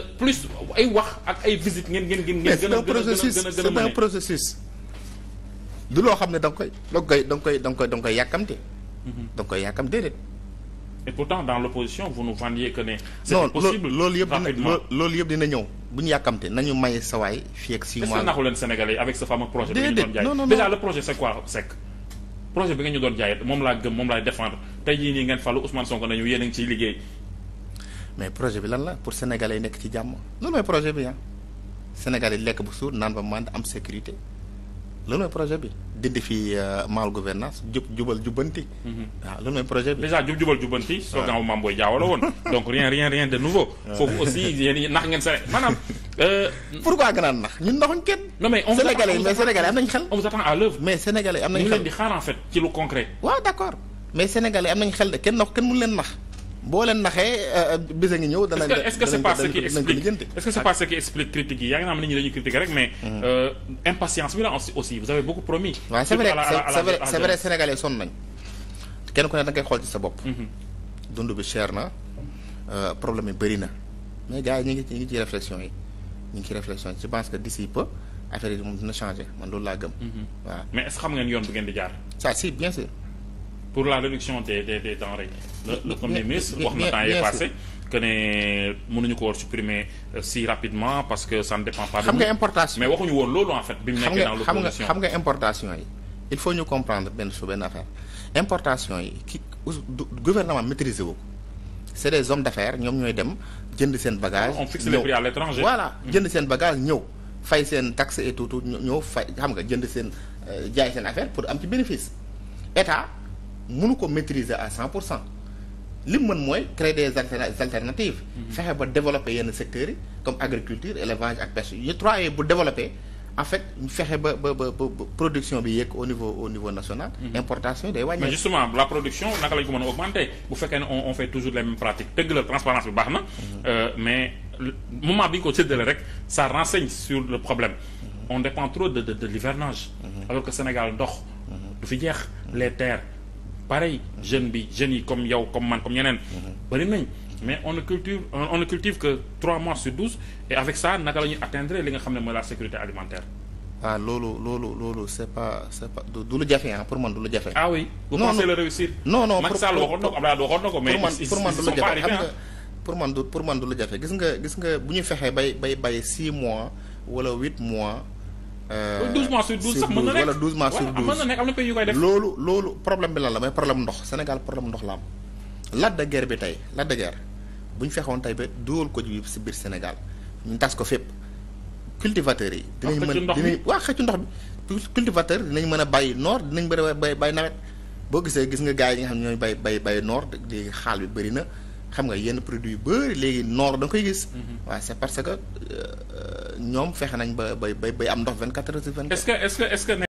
plus ay wax ak ay visite ngeen ngeen ngeen. ngeen gën a gën du loo xam ne da nga koy da koy da koy da nga koy da nga koy yàkkamte. Mhm. da nga koy yàkkam déedéet. et pourtant dans l'opposition vous nous loolu yëpp dina ñëw bu ñu yàkkamte nañu may sawaay fii ak six mois. est-ce que naxu leen Sénégalais avec ce fameux projet. déedéet non non déjà le projet c'est quoi sec. projet bi nga ñu doon jaayee moom laa gëm moom laay défendre tey jii nii ngeen fàllu Ousmane Sonko nañu yéen ciy liggéey mais projet bi lan la pour sénégalais yi nekk ci jàmm loolu mooy projet bi ah sénégalais yi lekk bu suur naan ba mànd am sécurité loolu mooy projet bi dindi fi euh, mal gouvernance jub jubal jubbanti. waaw mhm. ah, loolu mooy projet bi. déjà jub jubal jubbanti. waaw slogan wu Mame Boye Diao la woon. donc rien rien rien de nouveau. foofu aussi yéen nax ngeen sa euh, kenn. non mais on sénégalais mais sénégalais am nañ xel. on vous attend à l'œuvre. mais sénégalais am nañ xel ñu leen di xaar mais sénégalais am nañ xel de kenn nax kenn mënu leen nax. boo leen naxee euh, euh, bés a ngi ñëw danañ. est-ce que c'est pas ce qui explique est-ce que c'est pas ce qui explique critique yi yaa ngi naan nit ñi dañuy critiquer rek mais. Mm-hmm. Euh, impatience bi la aussi vous avez beaucoup promis. waaw c'est vrai c'est vrai c'est vrai sénégalais sonn nañ kenn ku ne dangay xool ci sa bopp. Mm-hmm. dund bi cher na problème yi bëri na mais gars yi ñu ngi ci ñu ngi ci réflexion yi ñu ngi ci réflexion yi je pense que d'ici peu affaire yi moom dina changer man loolu laa gëm. Mm-hmm. waaw mais est-ce que xam ngeen yoon bu ngeen di jaar. ça si bien sûr. pour la réduction des des des denrées. le le premier ministre wax na temps yee passé. que ne mënuñu ko war supprimer euh, si rapidement parce que ça ne dépend pas. xam nga importation mais waxuñu woon loolu en fait. bi mu nekkee dans l'opposition xam nga xam nga importation yi. il faut ñu comprendre benn su benn affaire importation yi ki gouvernement maîtriser wu ko c'est des hommes d'affaires ñoom ñooy dem jënd seen bagage. on fixe les prix à l'étranger voilà mmh. jënd seen bagage ñëw fay seen taxe et tout tout ñëw fay xam nga jënd seen euh, jaay seen affaire pour am ci bénéfice état. munu ko maîtriser à cent pour cent li mu mën mooy créer des alternatives mm-hmm. fexe ba développer yenn secteurs yi comme agriculture élevage ak pêche yi trois bu développer en fait ñu fexe ba ba ba production bi yegg au niveau au niveau national. Mm-hmm. importation day wàññeeku. mais justement la production naka lañ ko mën a augmenter bu fekkee ne on on fait toujours les mêmes pratiques dëgg la transparence bi baax na. Mm-hmm. Euh, mais moment bi ñu ko séddale rek ça renseigne sur le problème. on dépend trop de de de l'hivernage. alors que Sénégal ndox. du fi jeex les terres. pareil jeune bi jeunes yi comme yow comme man comme ñeneen mhm. bëri nañ mais on ne cultive on ne cultive que trois mois sur douze et avec ça naka la ñuy atteindre li nga xam ne mooy la sécurité alimentaire ah loolu loolu loolu c'est pas c'est pas du lu jafe ah pour man du lu jafe. ah oui vous pensez le réussir. non non Macky Sall waxoon mais pour man du lu jafe xam pour man pour man du lu jafe gis nga gis nga bu ñu fexee bay bay bay six mois wala huit mois. Euh, douze mois wala douze mois na nekk am na loolu loolu problème bi lan la mooy problème ndox Sénégal problème ndox la am Lac bi tey Lac de Guiers bu ñu fexoon tey ba dugal ko ji si biir Sénégal ñu tas ko fépp cultivateurs yi. dinañ mën dinañ waaw xëccu ndox bi cultivateur dinañ mën a bàyyi noor dinañ mën a bay bay nawet boo gisee gis nga gars yi nga xam ne ñooy bay bay bay noor di xaal bi bëri na xam nga yenn produit yu bëri léegi noor da koy gis. Mhm. waaw c'est parce que euh, euh, ñoom fexe nañ ba bay bay am ndox vingt quatre heures sur vingt quatre. est-ce que est-ce que est-ce que.